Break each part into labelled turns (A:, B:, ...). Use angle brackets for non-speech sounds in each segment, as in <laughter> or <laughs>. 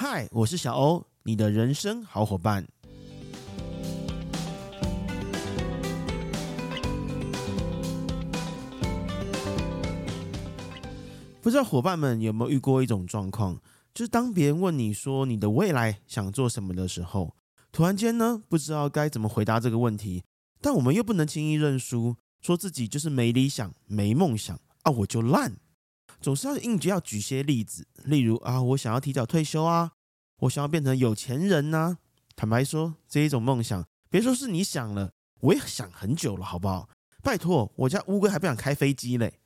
A: 嗨，我是小歐，你的人生好夥伴。不知道夥伴們有沒有遇過一種狀況，就是當別人問你說你的未來想做什麼的時候，突然間呢，不知道該怎麼回答這個問題，但我們又不能輕易認輸，說自己就是沒理想、沒夢想啊，我就爛。總是要應景，要舉些例子，例如啊，我想要提早退休啊，我想要變成有錢人吶、啊。坦白說，這一種夢想，別說是你想了，我也想很久了，好不好？拜托，我家烏龜還不想開飛機嘞。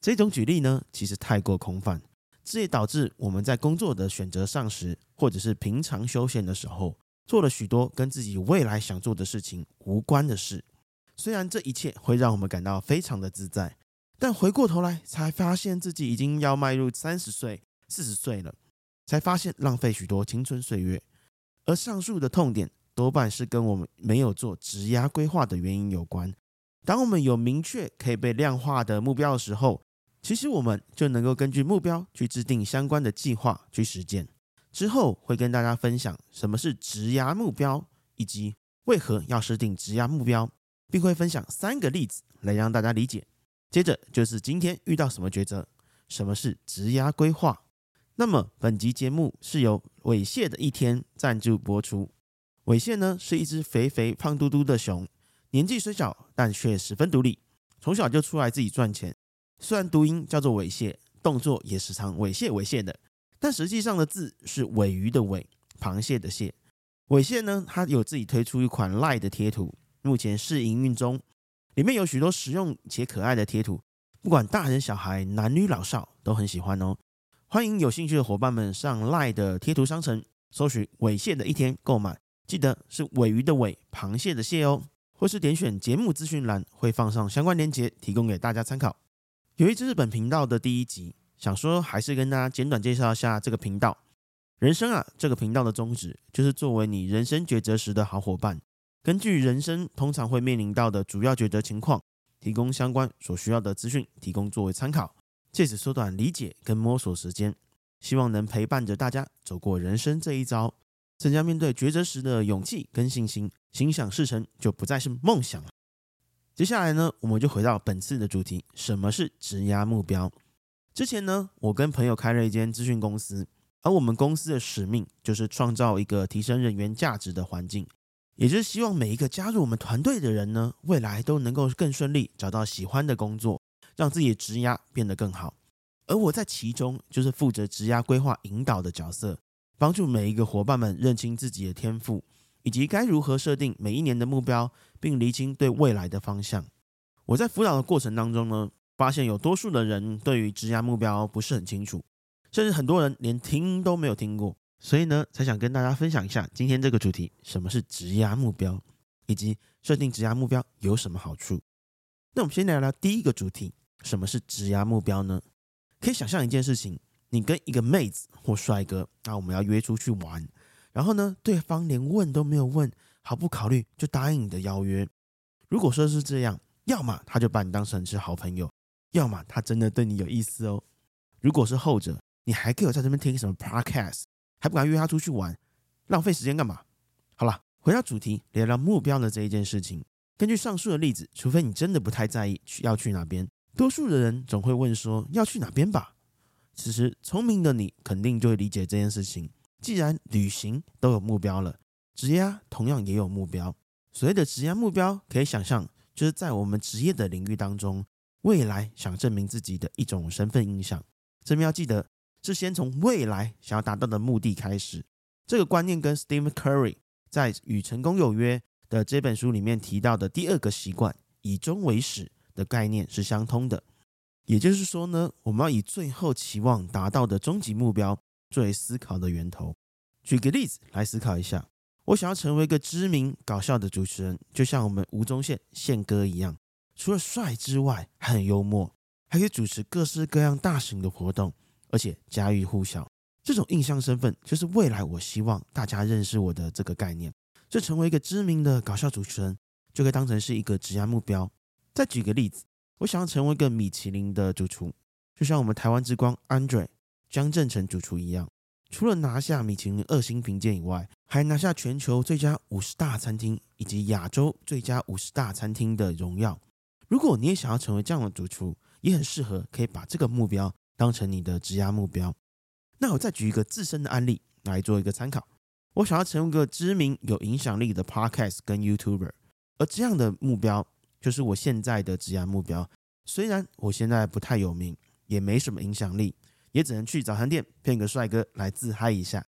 A: 這種舉例呢，其實太過空泛，這也導致我們在工作的選擇上時，或者是平常休閒的時候，做了許多跟自己未來想做的事情無關的事。雖然這一切會讓我們感到非常的自在。但回過頭來，才發現自己已經要邁入三十歲、四十歲了，才發現浪費許多青春歲月。而上述的痛點，多半是跟我們沒有做職涯規劃的原因有關。當我們有明確可以被量化的目標的時候，其實我們就能夠根據目標去制定相關的計劃去實踐。之後會跟大家分享什麼是職涯目標，以及為何要設定職涯目標，並會分享三個例子來讓大家理解。接着就是今天遇到什麼抉擇，什麼是職涯規劃？那麼本集節目是由鮪蟹的一天贊助播出。鮪蟹呢是一只肥肥胖嘟嘟的熊，年紀雖小，但卻十分獨立，從小就出來自己賺錢。雖然讀音叫做猥褻，動作也時常猥褻猥褻的，但實際上的字是鮪魚的鮪，螃蟹的蟹。鮪蟹呢，它有自己推出一款 LINE 貼圖，目前試營運中。裡面有許多實用且可愛的貼圖，不管大人小孩、男女老少都很喜歡哦。歡迎有興趣的夥伴們上 LINE 的貼圖商城搜尋“鮪蟹的一天”購買，記得是鮪魚的鮪、螃蟹的蟹哦。或是點選節目資訊欄，會放上相關鏈接提供給大家參考。由於這是本頻道的第一集，想說還是跟大家簡短介紹一下這個頻道。人生啊，這個頻道的宗旨就是作為你人生抉擇時的好伙伴。根據人生通常會面臨到的主要抉擇情況，提供相關所需要的資訊，提供作為參考，借此縮短理解跟摸索時間，希望能陪伴着大家走過人生這一遭，增加面對抉擇時的勇氣跟信心，心想事成就不再是夢想了。接下來呢，我們就回到本次的主題，什麼是職涯目標？之前呢，我跟朋友開了一間諮詢公司，而我們公司的使命就是創造一個提升人員價值的環境。也就是希望每一個加入我們團隊的人呢，未來都能夠更順利找到喜歡的工作，讓自己的職涯變得更好。而我在其中就是負責職涯規劃引導的角色，幫助每一個夥伴們認清自己的天賦，以及該如何設定每一年的目標，並釐清對未來的方向。我在輔導的過程當中呢，發現有多數的人對於職涯目標不是很清楚，甚至很多人連聽都沒有聽過。所以呢，才想跟大家分享一下今天這個主題，什麼是職涯目標，以及設定職涯目標有什麼好處。那我們先來聊聊第一個主題，什麼是職涯目標呢？可以想象一件事情，你跟一個妹子或帥哥，那我們要約出去玩，然後呢，對方連問都沒有問，毫不考慮就答應你的邀約。如果說是這樣，要麼他就把你當成是好朋友，要麼他真的對你有意思哦。如果是後者，你還可以在這邊聽什麼 podcast？還不敢約他出去玩，浪費時間幹嘛？好了，回到主題，聊聊目標的這一件事情。根據上述的例子，除非你真的不太在意去要去哪邊，多數的人總會問說要去哪邊吧。此時，聰明的你肯定就會理解這件事情。既然旅行都有目標了，職業啊同樣也有目標。所謂的職涯目標，可以想象就是在我們職業的領域當中，未來想證明自己的一種身份印象。這邊要記得。是先從未來想要達到的目的開始，這個觀念跟 Steve Curry 在《與成功有約》的這本書裡面提到的第二個習慣“以終為始”的概念是相通的。也就是說呢，我們要以最後期望達到的終極目標作為思考的源頭。舉個例子來思考一下：我想要成為一個知名搞笑的主持人，就像我們吳宗憲憲哥一樣，除了帥之外，很幽默，還可以主持各式各樣大型的活動。而且家喻戶曉，這種印象身份就是未來我希望大家認識我的這個概念。這成為一個知名的搞笑主持人，就可以當成是一個職業目標。再舉個例子，我想要成為一個米其林的主廚，就像我們台灣之光 Andre 江振誠主廚一樣，除了拿下米其林二星評鑑以外，還拿下全球最佳五十大餐廳以及亞洲最佳五十大餐廳的榮耀。如果你也想要成為這樣的主廚，也很適合可以把這個目標。當成你的職涯目標，那我再舉一個自身的案例來做一個參考。我想要成為一個知名有影響力的 podcast 跟 YouTuber，而這樣的目標就是我現在的職涯目標。雖然我現在不太有名，也沒什麼影響力，也只能去早餐店騙個帥哥來自嗨一下，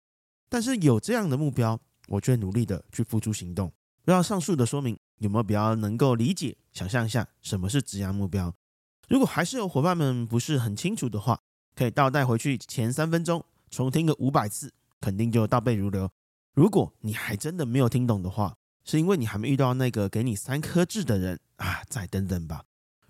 A: 但是有這樣的目標，我就會努力的去付諸行動。不要上述的說明有沒有比較能夠理解？想象一下，什麼是職涯目標？如果還是有夥伴們不是很清楚的話，可以倒帶回去前三分鐘，重聽個五百次，肯定就倒背如流。如果你還真的沒有聽懂的話，是因為你還沒遇到那個給你三顆痣的人啊，再等等吧。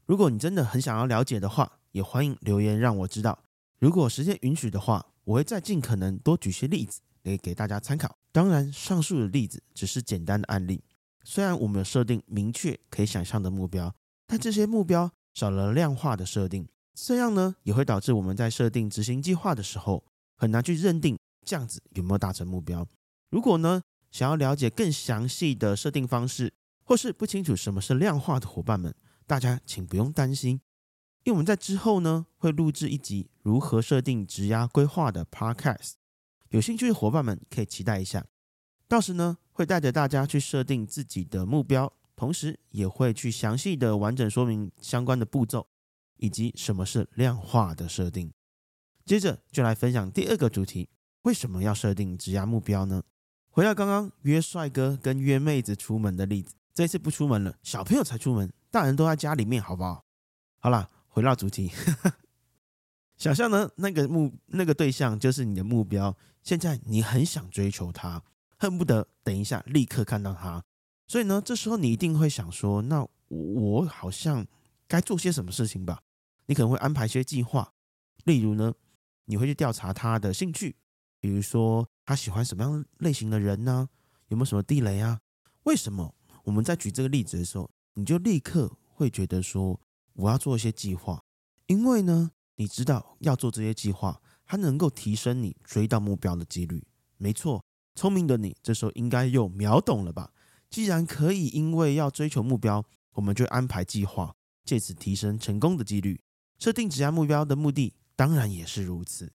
A: 如果你真的很想要了解的話，也歡迎留言讓我知道。如果時間允許的話，我會再盡可能多舉些例子可以給大家參考。當然，上述的例子只是簡單的案例，雖然我們有設定明確可以想象的目標，但這些目標。少了量化的設定，這樣呢也會導致我們在設定執行計劃的時候很難去認定這樣子有沒有達成目標。如果呢想要了解更詳細的設定方式，或是不清楚什麼是量化的夥伴們，大家請不用擔心，因為我們在之後呢會錄製一集如何設定職涯規劃的 Podcast，有興趣的夥伴們可以期待一下，到時呢會帶着大家去設定自己的目標。同時也會去詳細的完整說明相關的步驟，以及什麼是量化的設定。接着就來分享第二個主題：為什麼要設定職涯目標呢？回到剛剛約帥哥跟約妹子出門的例子，這次不出門了，小朋友才出門，大人都在家裡面，好不好？好啦，回到主題， <laughs> 想象呢那個目那個對象就是你的目標，現在你很想追求他，恨不得等一下立刻看到他。所以呢，這時候你一定會想說：“那我，我好像該做些什麼事情吧？”你可能會安排一些計劃，例如呢，你會去調查他的興趣，比如說他喜歡什麼樣類型的人呢、啊？有沒有什麼地雷啊？為什麼我們在舉這個例子的時候，你就立刻會覺得說我要做一些計劃？因為呢，你知道要做這些計劃，它能夠提升你追到目標的幾率。沒錯，聰明的你這時候應該又秒懂了吧？既然可以，因為要追求目標，我們就安排計劃，借此提升成功的幾率。設定職涯目標的目的，當然也是如此。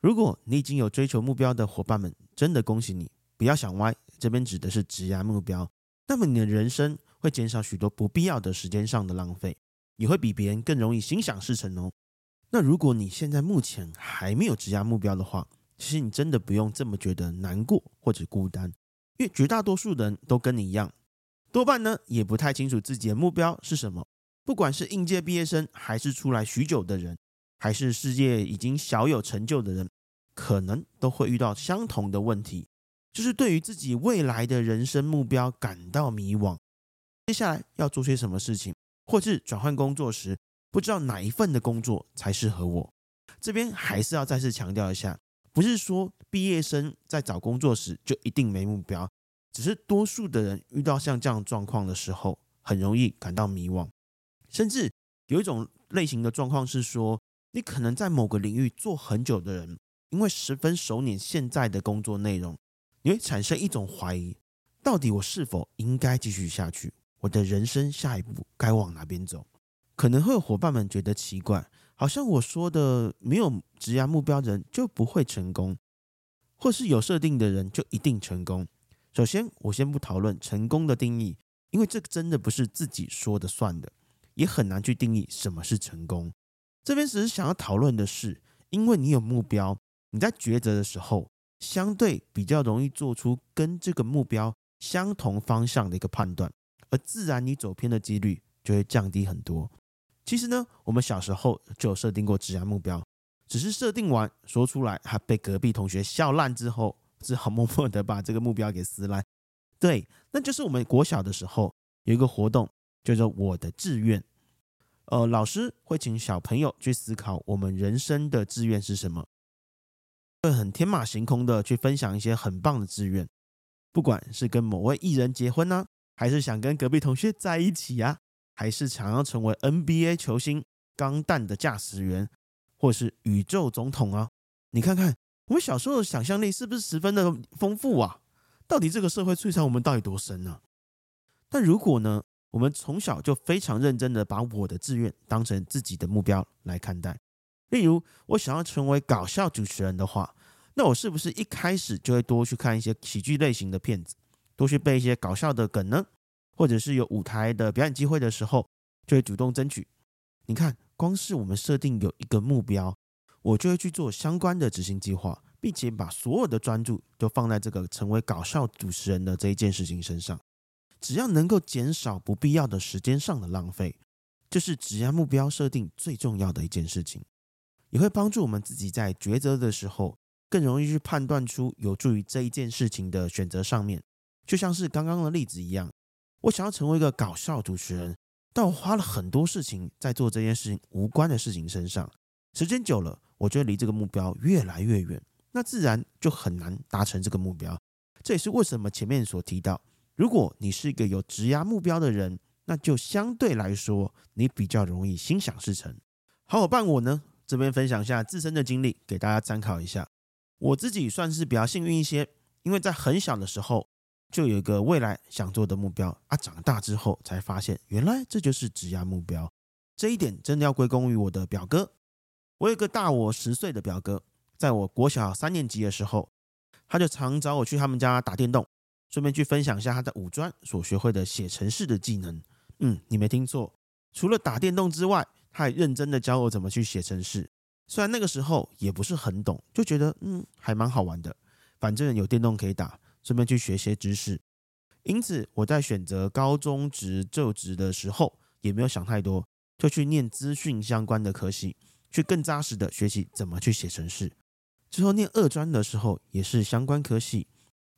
A: 如果你已經有追求目標的夥伴們，真的恭喜你，不要想歪，這邊指的是職涯目標。那麼你的人生會減少許多不必要的時間上的浪費，也會比別人更容易心想事成哦。那如果你現在目前還沒有職涯目標的話，其實你真的不用這麼覺得難過或者孤單。因為絕大多數人都跟你一樣，多半呢也不太清楚自己的目標是什麼。不管是應屆畢業生，還是出來許久的人，還是事業已經小有成就的人，可能都會遇到相同的問題，就是對於自己未來的人生目標感到迷惘。接下來要做些什麼事情，或是轉換工作時，不知道哪一份的工作才適合我。這邊還是要再次強調一下，不是說。畢業生在找工作時就一定沒目標，只是多數的人遇到像這樣的狀況的時候，很容易感到迷惘。甚至有一種類型的狀況是說，你可能在某個領域做很久的人，因為十分熟稔現在的工作內容，你會產生一種懷疑：到底我是否應該繼續下去？我的人生下一步該往哪邊走？可能會有夥伴們覺得奇怪，好像我說的沒有職涯目標的人就不會成功。或是有設定的人就一定成功。首先，我先不討論成功的定義，因為這個真的不是自己說的算的，也很難去定義什麼是成功。這邊只是想要討論的是，因為你有目標，你在抉擇的時候相對比較容易做出跟這個目標相同方向的一個判斷，而自然你走偏的幾率就會降低很多。其實呢，我們小時候就有設定過職涯目標。只是設定完說出來，還被隔壁同學笑爛之後，只好默默地把這個目標給撕爛。對，那就是我們國小的時候有一個活動，叫做我的志願。呃，老師會請小朋友去思考我們人生的志願是什麼？會很天馬行空的去分享一些很棒的志願，不管是跟某位藝人結婚呢，還是想跟隔壁同學在一起呀，還是想要成為 NBA 球星、鋼彈的駕駛員。或者是宇宙總統啊！你看看我們小時候的想象力是不是十分的豐富啊？到底這個社會摧殘我們到底多深呢、啊？但如果呢，我們從小就非常認真的把我的志願當成自己的目標來看待，例如我想要成為搞笑主持人的話，那我是不是一開始就會多去看一些喜劇類型的片子，多去背一些搞笑的梗呢？或者是有舞台的表演機會的時候，就會主動爭取。你看。光是我們設定有一個目標，我就會去做相關的執行計劃，並且把所有的專注都放在這個成為搞笑主持人的這一件事情身上。只要能夠減少不必要的時間上的浪費，就是只要目標設定最重要的一件事情，也會幫助我們自己在抉擇的時候更容易去判斷出有助於這一件事情的選擇上面。就像是剛剛的例子一樣，我想要成為一個搞笑主持人。但我花了很多事情在做這件事情無關的事情身上，時間久了，我覺得離這個目標越來越遠，那自然就很難達成這個目標。這也是為什麼前面所提到，如果你是一個有職涯目標的人，那就相對來說你比較容易心想事成。好夥伴，我呢這邊分享一下自身的經歷，給大家參考一下。我自己算是比較幸運一些，因為在很小的時候。就有一個未來想做的目標啊，長大之後才發現，原來這就是職涯目標。這一點真的要歸功於我的表哥。我有個大我十歲的表哥，在我國小三年級的時候，他就常找我去他們家打電動，順便去分享一下他的五專所學會的寫程式的技能。嗯，你沒聽錯，除了打電動之外，他還認真的教我怎麼去寫程式。雖然那個時候也不是很懂，就覺得嗯，還蠻好玩的，反正有電動可以打。順便去學些知識，因此我在選擇高中職就職的時候也沒有想太多，就去念資訊相關的科系，去更紮實的學習怎麼去寫程式。之後念二專的時候也是相關科系，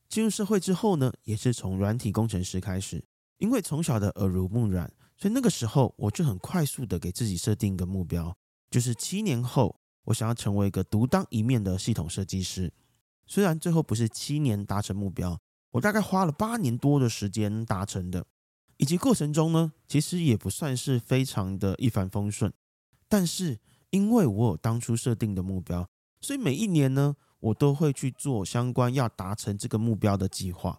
A: 進入社會之後呢，也是從軟體工程師開始。因為從小的耳濡目染，所以那個時候我就很快速的給自己設定一個目標，就是七年後我想要成為一個獨當一面的系統設計師。雖然最後不是七年達成目標，我大概花了八年多的時間達成的，以及過程中呢，其實也不算是非常的一帆風順。但是因為我有當初設定的目標，所以每一年呢，我都會去做相關要達成這個目標的計劃。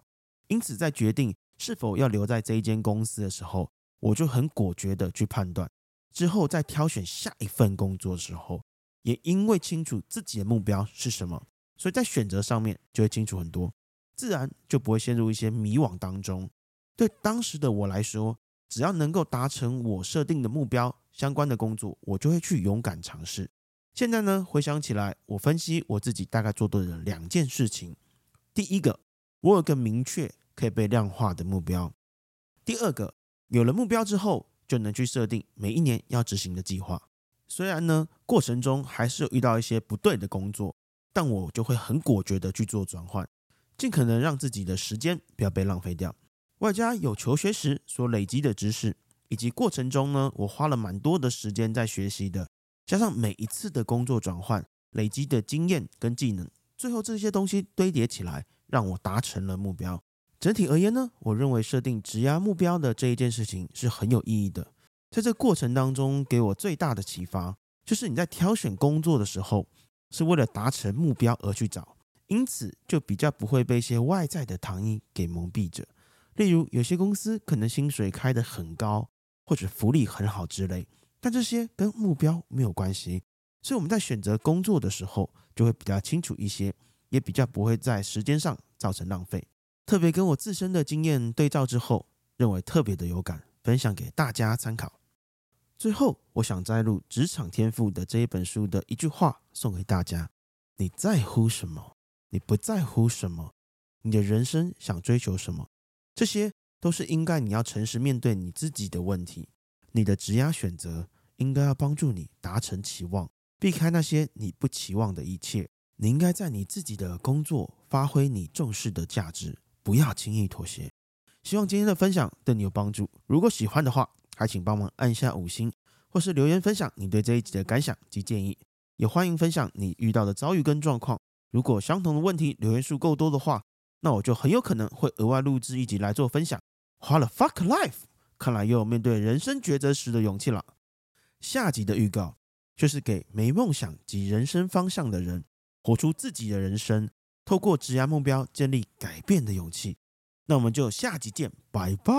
A: 因此，在決定是否要留在這一間公司的時候，我就很果決地去判斷。之後在挑選下一份工作的時候，也因為清楚自己的目標是什麼。所以在選擇上面就會清楚很多，自然就不會陷入一些迷惘當中。對當時的我來說，只要能夠達成我設定的目標，相關的工作我就會去勇敢嘗試。現在呢，回想起來，我分析我自己大概做對了兩件事情。第一個，我有個明確可以被量化的目標；第二個，有了目標之後，就能去設定每一年要執行的計劃。雖然呢，過程中還是有遇到一些不對的工作。但我就會很果決地去做轉換，盡可能讓自己的時間不要被浪費掉，外加有求學時所累積的知識，以及過程中呢，我花了蠻多的時間在學習的，加上每一次的工作轉換累積的經驗跟技能，最後這些東西堆疊起來，讓我達成了目標。整體而言呢，我認為設定職涯目標的這一件事情是很有意義的，在這過程當中給我最大的啟發，就是你在挑選工作的時候。是為了達成目標而去找，因此就比較不會被一些外在的糖衣給蒙蔽着。例如，有些公司可能薪水開得很高，或者福利很好之類，但這些跟目標沒有關係。所以我們在選擇工作的時候，就會比較清楚一些，也比較不會在時間上造成浪費。特別跟我自身的經驗對照之後，認為特別的有感，分享給大家參考。最後，我想摘錄《職場天賦》的這一本書的一句話。送給大家，你在乎什麼？你不在乎什麼？你的人生想追求什麼？這些都是應該你要誠實面對你自己的問題。你的職涯選擇應該要幫助你達成期望，避開那些你不期望的一切。你應該在你自己的工作發揮你重視的價值，不要輕易妥協。希望今天的分享對你有幫助。如果喜歡的話，還請幫忙按一下五星，或是留言分享你對這一集的感想及建議。也歡迎分享你遇到的遭遇跟狀況。如果相同的問題留言數夠多的話，那我就很有可能會額外錄製一集來做分享。What the fuck life，看來又有面對人生抉擇時的勇氣了。下集的預告就是給沒夢想及人生方向的人，活出自己的人生，透過職涯目標建立改變的勇氣。那我們就下集見，拜拜。